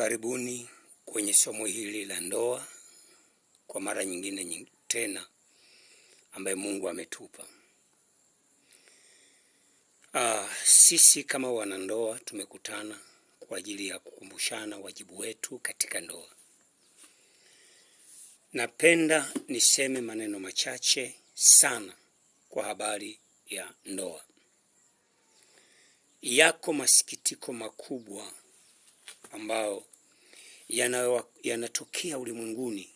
Karibuni kwenye somo hili la ndoa kwa mara nyingine nying, tena ambaye Mungu ametupa. Aa, ah, sisi kama wanandoa tumekutana kwa ajili ya kukumbushana wajibu wetu katika ndoa. Napenda niseme maneno machache sana kwa habari ya ndoa. Yako masikitiko makubwa ambayo yanatokea ulimwenguni,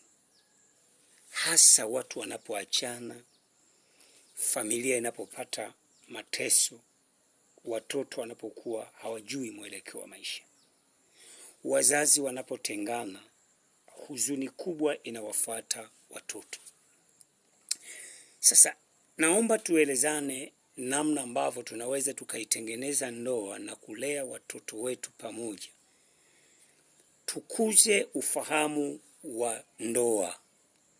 hasa watu wanapoachana, familia inapopata mateso, watoto wanapokuwa hawajui mwelekeo wa maisha, wazazi wanapotengana, huzuni kubwa inawafuata watoto. Sasa naomba tuelezane namna ambavyo tunaweza tukaitengeneza ndoa na kulea watoto wetu pamoja Tukuze ufahamu wa ndoa.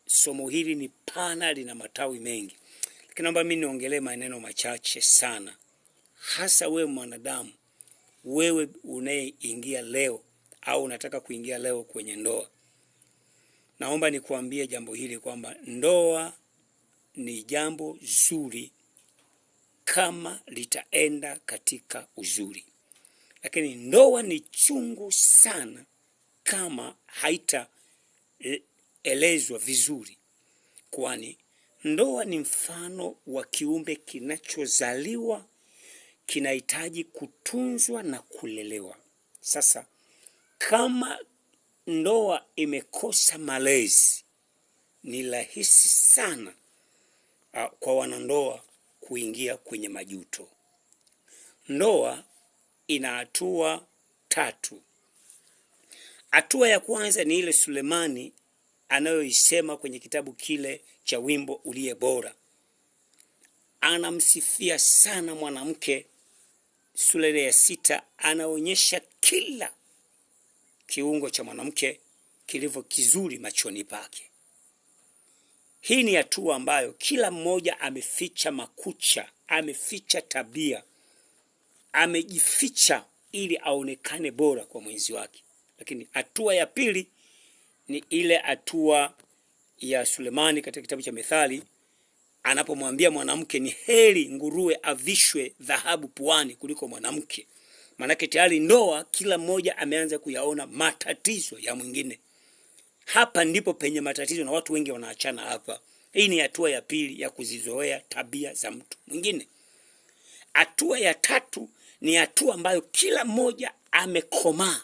Somo hili ni pana, lina matawi mengi, lakini naomba mimi niongelee maneno machache sana, hasa wewe mwanadamu, wewe unayeingia leo au unataka kuingia leo kwenye ndoa. Naomba nikuambie jambo hili kwamba ndoa ni jambo zuri kama litaenda katika uzuri, lakini ndoa ni chungu sana kama haitaelezwa vizuri, kwani ndoa ni mfano wa kiumbe kinachozaliwa, kinahitaji kutunzwa na kulelewa. Sasa kama ndoa imekosa malezi, ni rahisi sana kwa wanandoa kuingia kwenye majuto. Ndoa ina hatua tatu. Hatua ya kwanza ni ile Sulemani anayoisema kwenye kitabu kile cha Wimbo Uliye Bora. Anamsifia sana mwanamke. Sura ile ya sita anaonyesha kila kiungo cha mwanamke kilivyo kizuri machoni pake. Hii ni hatua ambayo kila mmoja ameficha makucha, ameficha tabia, amejificha ili aonekane bora kwa mwenzi wake. Lakini hatua ya pili ni ile hatua ya Sulemani katika kitabu cha Methali anapomwambia mwanamke ni heri nguruwe avishwe dhahabu puani kuliko mwanamke. Maanake tayari ndoa, kila mmoja ameanza kuyaona matatizo ya mwingine. Hapa ndipo penye matatizo, na watu wengi wanaachana hapa. Hii ni hatua ya pili ya kuzizoea tabia za mtu mwingine. Hatua ya tatu ni hatua ambayo kila mmoja amekomaa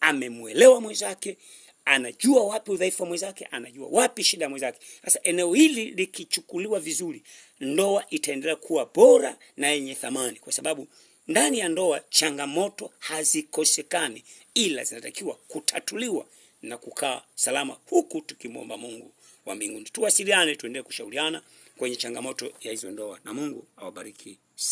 amemwelewa mwenzake, anajua wapi udhaifu wa mwenzake, anajua wapi shida ya mwenzake. Sasa eneo hili likichukuliwa vizuri, ndoa itaendelea kuwa bora na yenye thamani, kwa sababu ndani ya ndoa changamoto hazikosekani, ila zinatakiwa kutatuliwa na kukaa salama, huku tukimwomba Mungu wa mbinguni. Tuwasiliane, tuendelee kushauriana kwenye changamoto ya hizo ndoa, na Mungu awabariki.